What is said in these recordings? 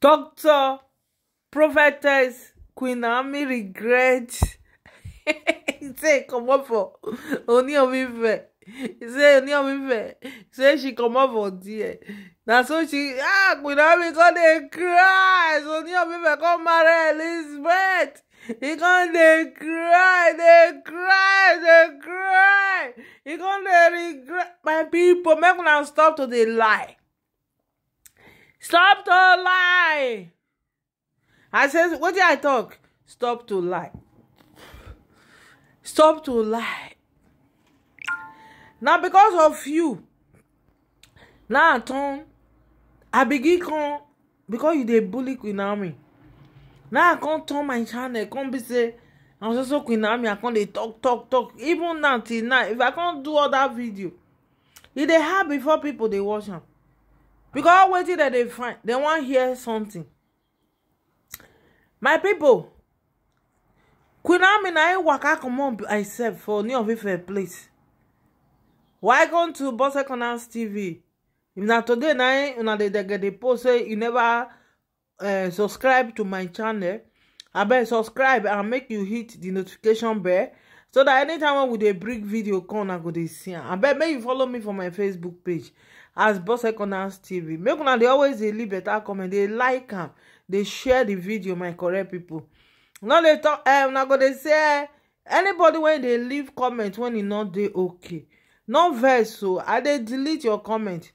Doctor, Prophetess Queen Ami regret. he say comot for Only a wife. He say only a wife. He say she come comot for there. Na so she ah Queen Ami come dey cry. Only a wife come marry Elizabeth. He come they cry, They cry, They cry. He come dey regret. My people, make them stop to the lie. Stop to lie. I said, what did I talk? Stop to lie. Stop to lie. Now because of you, now I turn, I begin con because you dey bully Queen army. Now I come turn my channel, come be say, I'm also Queen army. I come dey talk, talk, talk. Even now till now, if I can't do other video, it e dey hard before people dey watch am because wetin dem dey find dem wan hear something my pipo queen amina hin waka comot herself for new of ife place welcome to bose corners tv if na today na una dey dege dey post say you never eh, subscribe to my channel abeg subscribe and make you hit the notification bell so that anytime we dey bring video come i go dey see am abeg make you follow me for my facebook page as boss economics tv make una dey always dey leave better comment dey like am dey share the video my correct people. no dey talk eh, um, na go dey say eh, anybody wey dey leave comment when e no dey okay no vex o oh. i dey delete your comment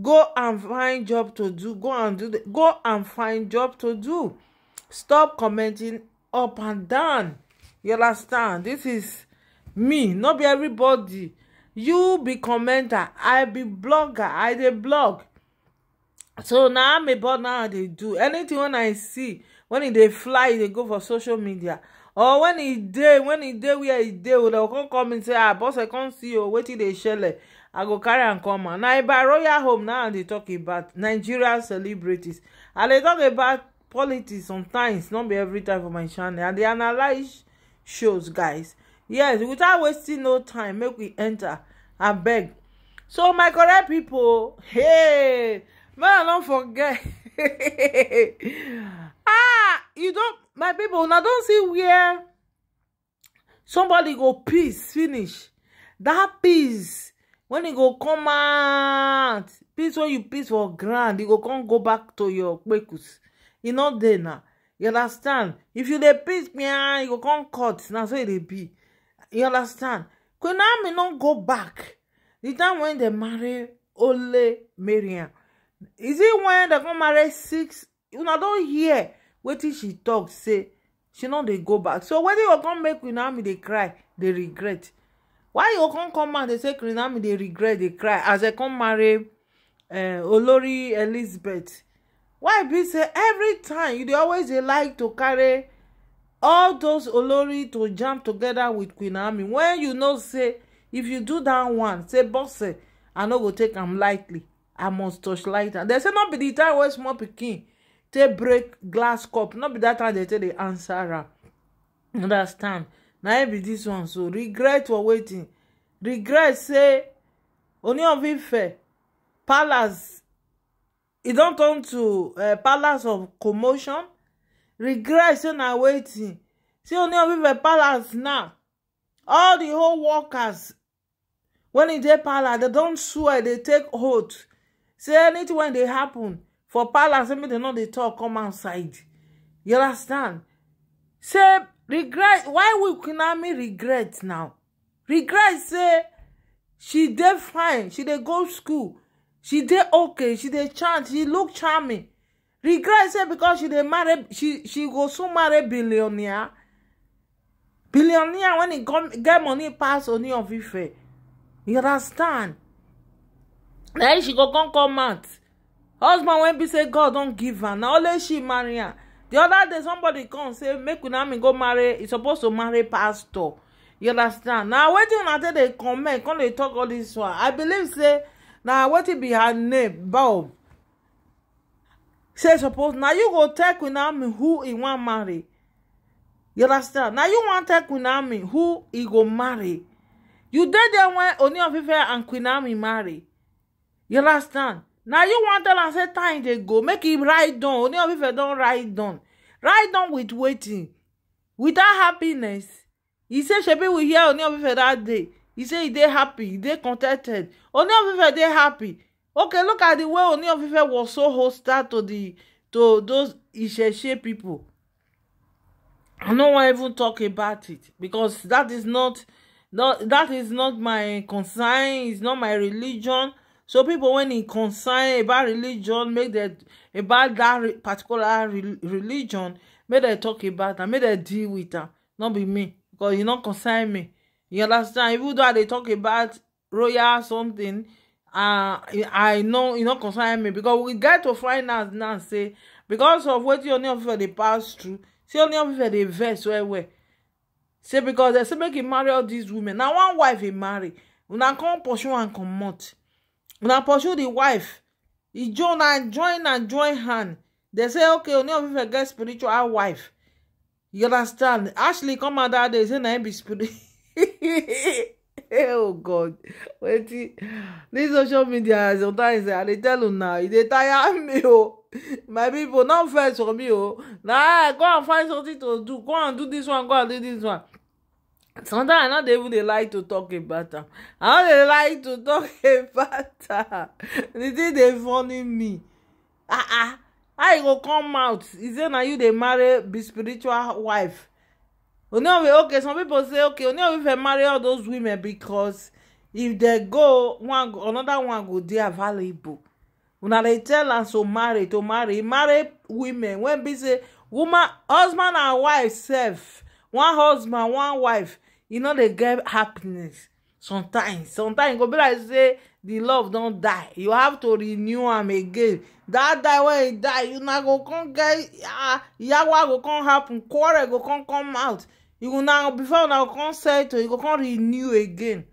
go and find job to do go and do the. go and find job to do stop commenting up and down you understand this is me no be everybody you be commenter i be blogger i dey blog so na amebo now i dey do anything wey i see when e dey fly e dey go for social media or wen e dey wen e dey wia e dey o dem come call me say ah boss i come see o wetin dey shele i go carry am come out na about royal home now i dey talk about nigeria celebrities i dey talk about politics sometimes not be every time for my channel i dey analyse shows guys yes without wasting no time make we enter abeg so my correct pipo hey man i don forget ah you don my pipo una don see where somebody go peace finish that peace when e go come out peace When you peace for ground you go come go back to your kwekus. e no dey na you understand if you dey peace pian you go come cut na so e dey be you understand queen naomi no go back The time when dem marry ole mariam is it when dem come marry six una don hear wetin she talk. say she no dey go back so wetin go come make queen naomi dey cry dey regret why you go come come out dey say queen naomi dey regret dey cry as dem come marry eh, olori elizabeth why e be say every time you dey always dey like to carry all those olori to jam together with queen Ami. When you know say if you do that one say boss i no go take am lightly i must touch light am dem say no be the time wey small pikin take break glass cup no be that time dem take dey answer am understand na im be this one so regret for waiting. regret say oni of palace e don turn to eh, palace of commotion regret say na waiting. see only of ife palace now all the whole workers when e dey palace dem don swear dey take oath say anything wey dey happen for palace make dem no dey talk come outside you understand say regret why will kunami regret now regret say she dey fine she dey go school she dey okay she dey chant she look charming regret say because she dey marry she she go soon marry billionaire billionaire when he come get money pass oni of ife you understand then she go come come out husband wey be say god don give her na only she marry am the other day somebody come say make me go marry he suppose to marry pastor you understand na wetin una take dey comment come dey talk all this one i believe say na wetin be her name bob say suppose na you go tell queen army who e wan marry you understand na you wan tell queen army who e go marry you dey there when oni of ife and queen army marry you understand na you wan tell am say time dey go make him write down oni of ife don write down write down with wetin without happiness He say shebi we hear oni of ife that day He say e dey happy e dey contented oni of ife dey happy okay look at the way Ooni of Ife was so hostile to the to those Isheshe people I no wan even talk about it because that is not that, that is not my concern it's not my religion so people when e concern about religion make dem about that re particular re religion make dem talk about am make dem deal with am no be me because e no concern me you understand even though i dey talk about royal something Uh, i know e no concern me because we get to find out now say because of wetin only of dey pass through say only of dey vex well well say because dem say make e marry all these women na one wife e marry una come pursue am comot una pursue the wife e join and join and join hand dem say okay only of get spiritual wife you understand ashley come out dat day say na im be spirit oh god wetin dis social media sometimes i dey tell una e dey tire me o oh. my pipo no vex for me o oh. na go and find something to do go and do this one go and do this one sometimes i no dey even dey like to talk about am i no dey like to talk about am the thing dey funny me ah ah how e go come out e say na you dey marry be spiritual wife oneowe okay some people say okay oneowe fit marry all those women because if they go one another one go dey available una dey tell am to marry to marry marry women wey be say woman husband and wife sef one husband one wife e no dey get happiness sometimes sometimes e go be like say the love don die you have to renew am again that die wey e die una go come get ah, yawa go come happen quarrel go come come out you una before una go come settle you go come renew again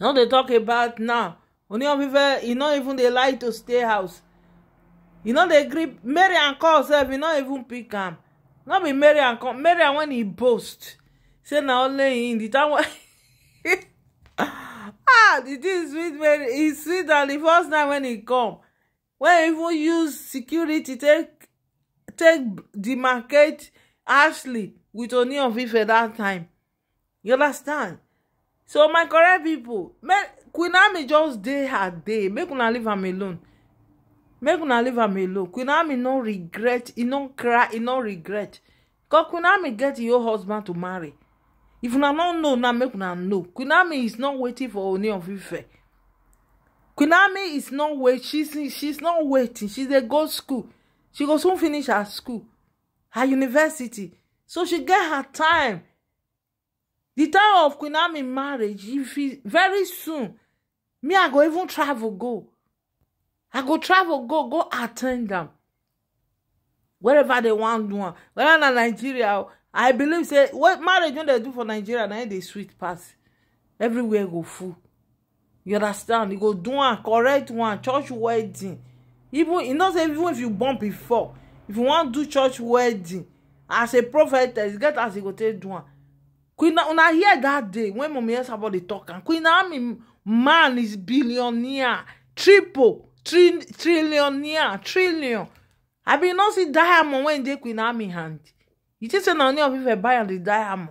no dey talk about now onion people e no even dey like to stay house e no dey gree mary and call sef e no even pick am no be mary and call mary and when e boast say na only him the time wey. ah the thing sweet when e sweet on the first time when e come when even use security take take demarcate ashley with oni of ife that time you understand so my correct pipo queen ami just dey her day make una leave am alone make una leave am alone queen ami no regret e no cry e no regret Cause queen ami get e own husband to marry if una no know now make una know queen naomi is not waiting for oni of ife queen naomi is not wait she's she's not waiting she dey go school she go soon finish her school her university so she get her time the time of queen naomi marriage if e very soon me i go even travel go i go travel go go at ten d am wherever they wan do am whether na nigeria o i believe say what marriage wey dem do for nigeria na e dey sweet pass everywhere go full you understand you go do am correct one church wedding even you know say even if you born before if you wan do church wedding as a prophetess get as you go take do am queen una hear dat day wen mommy about dey talk am queen naomi man is billionaire triple tri trillionaire trillion i bin no see diamond wey dey queen naomi hand you just say na only of ife buy am dey die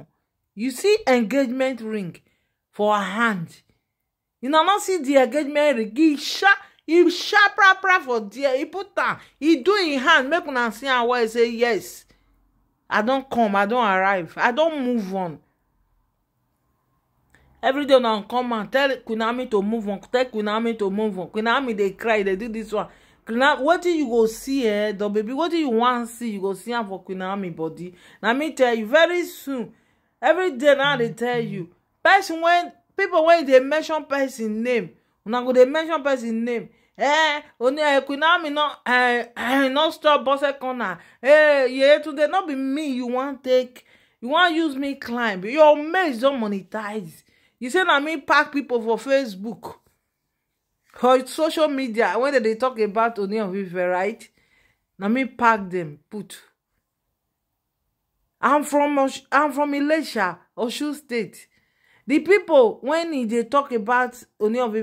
you see engagement ring for a hand You una not see the engagement ring e sharp e sharp pra for dear. He put that he do in hand make una see how I say yes i don't come i don't arrive i don't move on Every everyday una come and tell kunami to move on tell kunami to move on kunami they cry They do this one now do you go see eh the baby What do you wan see you go see am for queen naomi body na me tell you very soon every day now i dey tell mm-hmm. you person wey people wey dey mention person name una go dey mention person name eh oni eh queen naomi no eh eh no stop bose corner eh yeyetunde no be me you wan take you wan use me climb your mates don monetize you say na me pack people for facebook for social media when they dey tok about oni of right na me pack dem put i'm from from ilesha osun state The people when e dey tok about oni of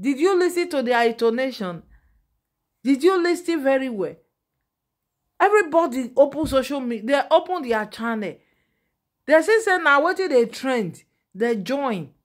did you listen to their intonation did you listen very well everybody open social media they open their channel They say say na wetin dey trend They join